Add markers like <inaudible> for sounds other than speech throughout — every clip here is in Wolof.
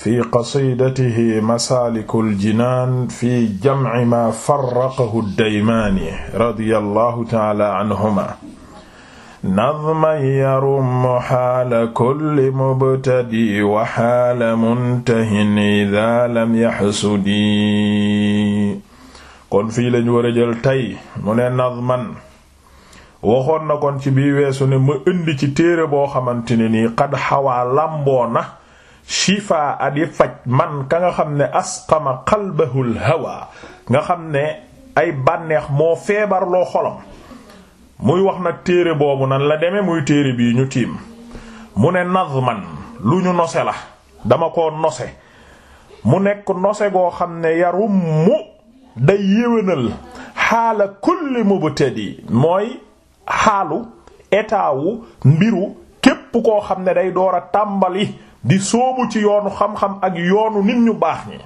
fi qasidatihi masaalikul jinaan fi jamci maa farraqahu daymaani radiyallahu taala anhuma nadman yarummu xaala kulli mubtadi wa xaala muntahin idaa lam yaxsudi kon fii lañ war a jël tey mu ne nadman waxoon na kon ci bii weesu ne ma indi ci téere boo xamante ne nii qad xawaa lamboo na shifaa adi faj man ka nga xam ne asqama qalbahu alhawa nga xam ne ay bànneex moo feebar loo xolam muy wax nag téere boobu nan la demee muy téere bii ñu tiim mu ne man lu ñu nose la dama ko nose mu nekk nose goo xam ne yarum mu day yéwénal xaala kulli mubtadi mooy xaalu état mbiru képp koo xam ne day door a tàmbali di sóobu ci yoonu xam-xam ak yoonu nit ñu baax ñi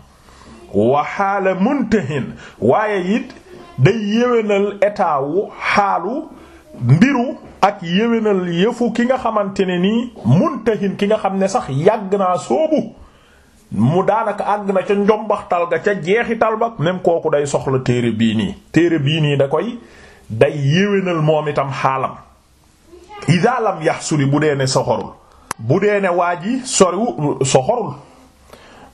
waxaala muntahin waaye it day yéwénal état wu xaalu mbiru ak yéwénal yëfu ki nga xamante ne nii muntahin ki nga xam ne sax yàgg naa sóobu mu daanaka àgg na ca njombaxtal ga ca jeexital ba même kooku day soxla téere bii nii téere bii nii da koy day yéwénal moom itam xaalam idaalam yax suli bu dee ne soxorul bu dee ne waa ji soriwu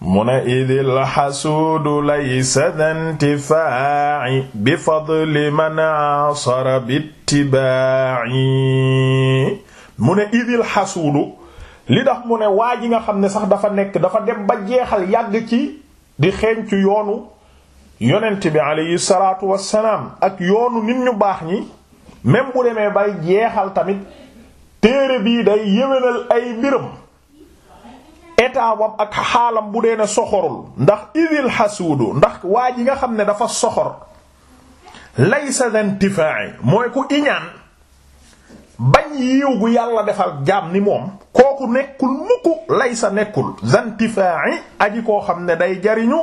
mu ne idil xasuudu laysa dantifaa'i bi fadli man asara bittibaa'i mu ne idil xasuudu li tax mu ne waa ji nga xam ne sax dafa nekk dafa dem ba jeexal yàgg ci di ci yoonu yonent bi aleyhi salaatu wassalaam ak yoonu nit ñu baax ñi même bu demee bay jeexal tamit téere bii day yéwénal ay mbiram état ak xaalam bu dee ne soxorul ndax idil xasuudu ndax waa ji nga xam ne dafa soxor laysa dentifai mooy ku iñaan bañ yiw gu yàlla defal jaam ni moom kooku nekkul mukk laysa nekkul dentifai aji koo xam ne day jariñu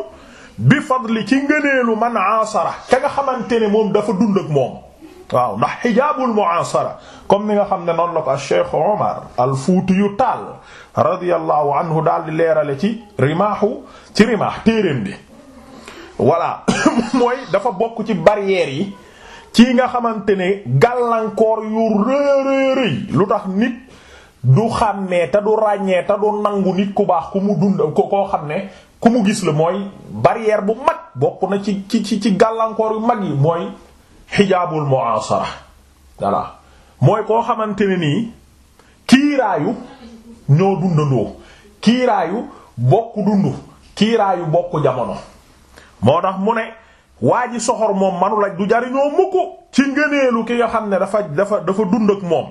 bi fadli ci ngëneelu man aasara ka nga xamante ne moom dafa dund ak moom waaw ndax xijaabul mu'asara comme ni nga xam ne noonu la ko al Cheikh Omar al Fuuti yu taal radiyallahu anhu daal di leerale ci rimaaxu ci rimaax téereem bi voilà <coughs> mooy dafa bokk ci barrières yi ci nga xamante ne gàllankoor yu rëy rëy lu tax nit du xàmmee te du ràññee te du nangu nit ku baax ku mu dund koo xam ne ku mu gis la mooy barrière bu mag bokk na ci ci ci ci gàllankoor yu mag yi mooy xijaabul mu'asara voilà mooy koo xamante ne nii kiiraayu ñoo dundandoo kiiraayu bokk dund kiiraayu bokk jamono moo tax mu ne waa ji soxor moom manu la du jariñoo mukk ci ngëneelu ki nga xam ne dafa dafa dafa dund ak moom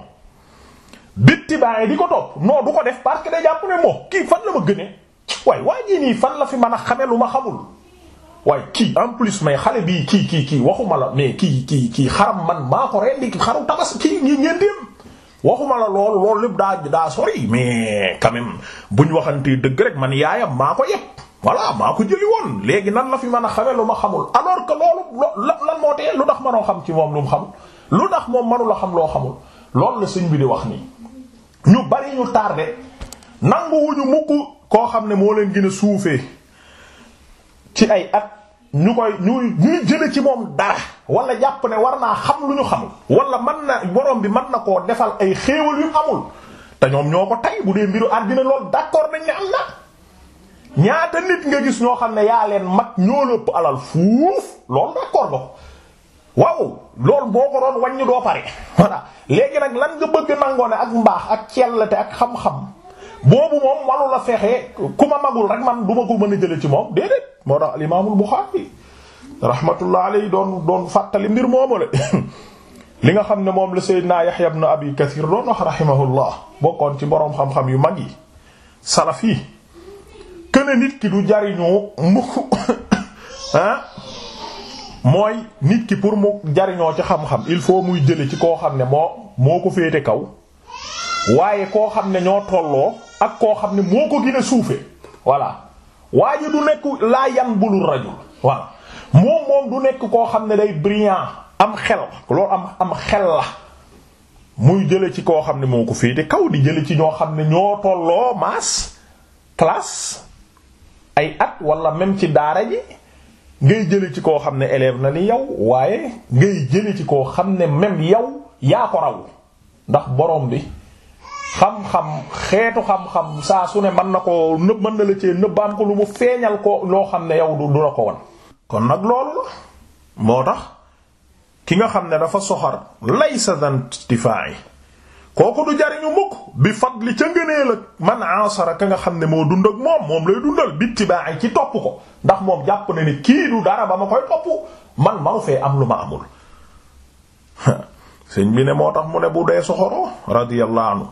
bitti bàyyi di ko toog non du ko def parce que da jàpp ne moo kii fan la ma gënee waaye waa nii fan la fi mën a xame lu ma xamul waaye kii en plus may xale bii kii kii kii waxuma la mais kii kii kii xaram man maa ko rendi xaru tabas kii ngi waxuma la loolu loolu lépp daa daa sori mais quand même buñ waxantee dëgg rek man yaayam maa ko yëpp voilà maa ko jëli woon léegi nan la fi mën a xame lu ma xamul alors que loolu lan moo tee lu tax mënoo xam ci moom lu mu xam lu tax moom mënu xam loo xamul loolu la sëñ bi di wax nii ñu bari ñu tardé nangu wuñu mukk koo xam ne moo leen gën a suufee ci ay at ñu koy ñuy ñuy jële ci moom dara wala jàpp ne war naa xam lu ñu xamul wala man na borom bi mën na koo defal ay xéewal yu amul te ñoom ñoo ko tay bu dee mbiru àddina lool d'accord nañ ne am na ñaata nit nga gis ñoo xam ne yaa leen mag ñoo lëpp alal fuuf loolu d'accord ba waaw loolu boo ko doon wàññi doo pare <laughs> voilà léegi nag lan nga bëgg nangoo ne ak mbaax ak cellte ak xam-xam boobu moom walu la fexe ku ma magul rek man du ko mën a jële ci moom déedéet moo tax al imaamul Buxaari rahmatullah alayhi doon doon fàttali mbir moomu la <laughs> li nga xam ne moom la Seydina Yahya ibn Abi Kathir doon wax rahimahullah bokkoon ci boroom xam-xam yu mag yi salaf yi kene nit ki du jariñoo mukk ah <coughs> mooy nit ki pour mu jariñoo ci xam-xam il faut muy jële ci koo xam ne moo moo ko féete kaw waaye koo xam ne ñoo tolloo ak koo xam ne moo ko gën a suufee voilà waa ji du nekk laa yan bulul rajul voilà moom moom du nekk koo xam ne day brillant am xel loolu am am xel la muy jële ci koo xam ne moo ko fii féete kaw di jële ci ñoo xam ne ñoo tolloo maas classe ay at walla même ci daara ji ngay jële ci koo xam ne élève na ni yow waaye ngay jële ci koo xam ne même yow yaa ko raw ndax borom bi xam-xam xeetu xam-xam saa su ne mën na ko nëb mën na la cee nëb ko lu mu feeñal ko loo xam ne yow du du ko won kon nag loolu la moo tax ki nga xam ne dafa soxor soxar laysa dantifa'i kooku du jariñu mukk bi fadli ca ngëneel ak man asara ka nga xam ne moo dund ak moom moom lay dundal bittiba'i ci topp ko ndax moom jàpp na ni kii du dara ba ma koy topp man manu fee am lu ma amul <laughs> sëñ bi ne moo tax mu ne bu dee soxoro radiyallahu anhu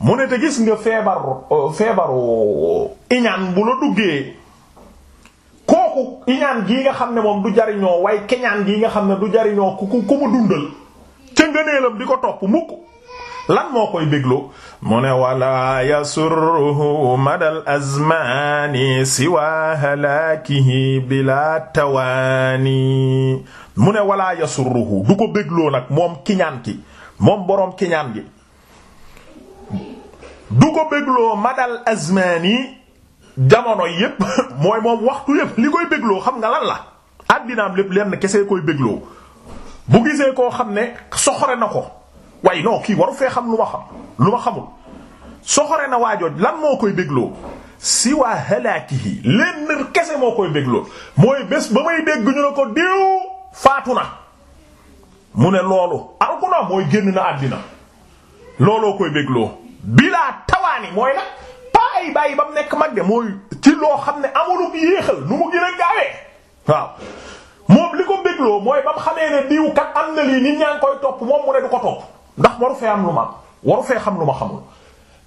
mu ne te gis nga feebar euh, feebaru iñaan bu la duggee kooku iñaan gii nga xam ne moom du jariñoo way keñaan gi nga xam ne du jariñoo ku ku mu dundal ca di ko topp mukk lan moo koy bégloo mu ne wala yasurruhu madal azmani siwa halaakihi bila tawaani mu ne wala yasurruhu du ko bégloo nag moom kiñaan ki moom boroom kiñaan gi du ko bégloo madal azmaani jamono yépp <laughs> mooy moom waxtu yépp li koy bégloo xam nga lan la àddinaam lépp lenn kese koy bégloo bu gisee koo xam ne soxore na ko waaye non kii waru fee xam lu ma xam xamul soxore na waajooj lan moo koy bégloo si waa halaakihi lenn kese moo koy bégloo mooy bés ba may dégg ñu ne ko diw faatu na mu ne loolu alku na mooy génn na àddina looloo koy bégloo bilaa xaani mooy nag pas ay bàyyi ba mu nekk mag de mooy ci loo xam ne amulug yéexal nu mu gën a gaawee waaw moom li ko bégloo mooy ba mu xamee ne diw kat am na lii nit ñaa ngi koy topp moom mu ne du ko topp ndax waru fee am lu ma am fee xam lu ma xamul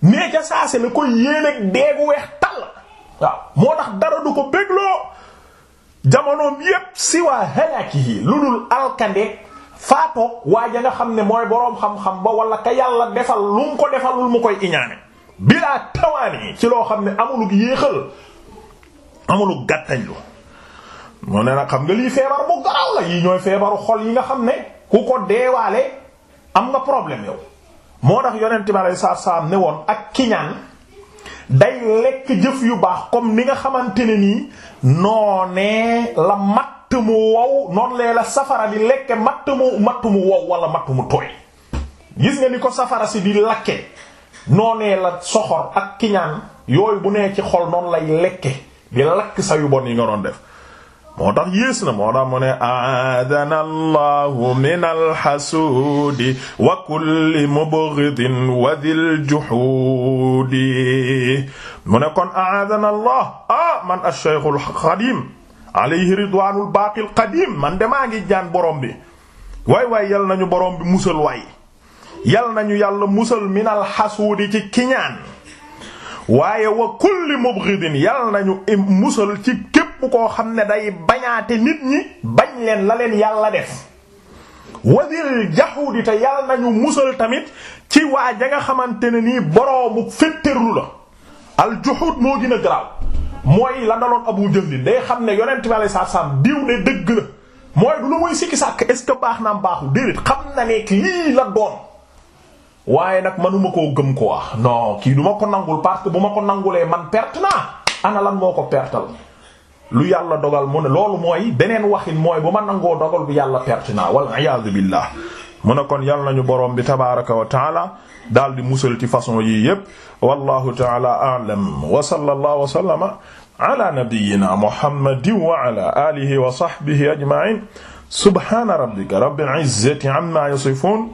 mais ca saase la koy yéeneeg deegu weex tàll waaw moo tax dara du ko bégloo jamonoom yépp si waa halaaki yi lu dul alkande faatoo waaja nga xam ne mooy boroom xam-xam ba wala ka yàlla defal lu mu ko defalul mu koy iñaane bilaa tawaani ci loo xam ne amulug yéexal amulug gàttañlu mu ne nag xam nga lii feebar bu garaw la yi ñooy feebaru xol yi nga xam ne ku ko deewaale am nga problème yow moo tax yonent bi alei saatu salaam ne woon ak kiñaan day lekk jëf yu baax comme ni nga xamante ne nii noonee la matt mu wow noonu lee la safara di lekke matt mu matt mu wow wala matt mu tooy gis nga ni ko safara si di lakke noonee la soxor ak kiñaan yooyu bu nee ci xol noonu lay lekke di lakk sa yu bon yi nga doon def moo tax yées na moo tax mu ne aadana allahu min alxasuudi wa kulli mubghidin wa dil juhuudi mu ne kon aadana allah ah man ash-shaykh al-xadiim alayhi ridwaanul baaqil qadiim man de maa ngi jaan borom bi waay waay yal nañu borom bi musal waay yal nañu yàlla musal minal xasuudi ci kiñaan waaye wa kulli mubghidin yal nañu musal ci képp koo xam ne day bañaate nit ñi bañ leen la leen yàlla def wasil jaxudi te yal nañu musal tamit ci waa ja nga xamante ne nii boroomu féttërlu la aljuxuud moo gën a garaaw mooy la daloon abu jahlin day xam ne yonent bi alei satu salaam diw ne dëgg la mooy du lu muy sikki sàkk est ce que baax naam baaxul déedéet xam na ne lii la doon waaye nag manuma ko gëm ko wax non kii du ma ko nangul parce que bu ma ko nangulee man perte naa ana lan moo ko pertal lu yàlla dogal mu ne mooy beneen waxin mooy bu ma nangoo dogal bu yàlla perte naa wal iyaadu billah mu ne kon yàlla nañu borom bi tabaraka wa taala daal di musal ci façon yii yépp wallahu taala a'lam wa sallallahu wa sallama ala nabiyyina muhammadin wa ala alihi wa sahbihi ajma'in subhana rabbika rabbil izzati amma yasifun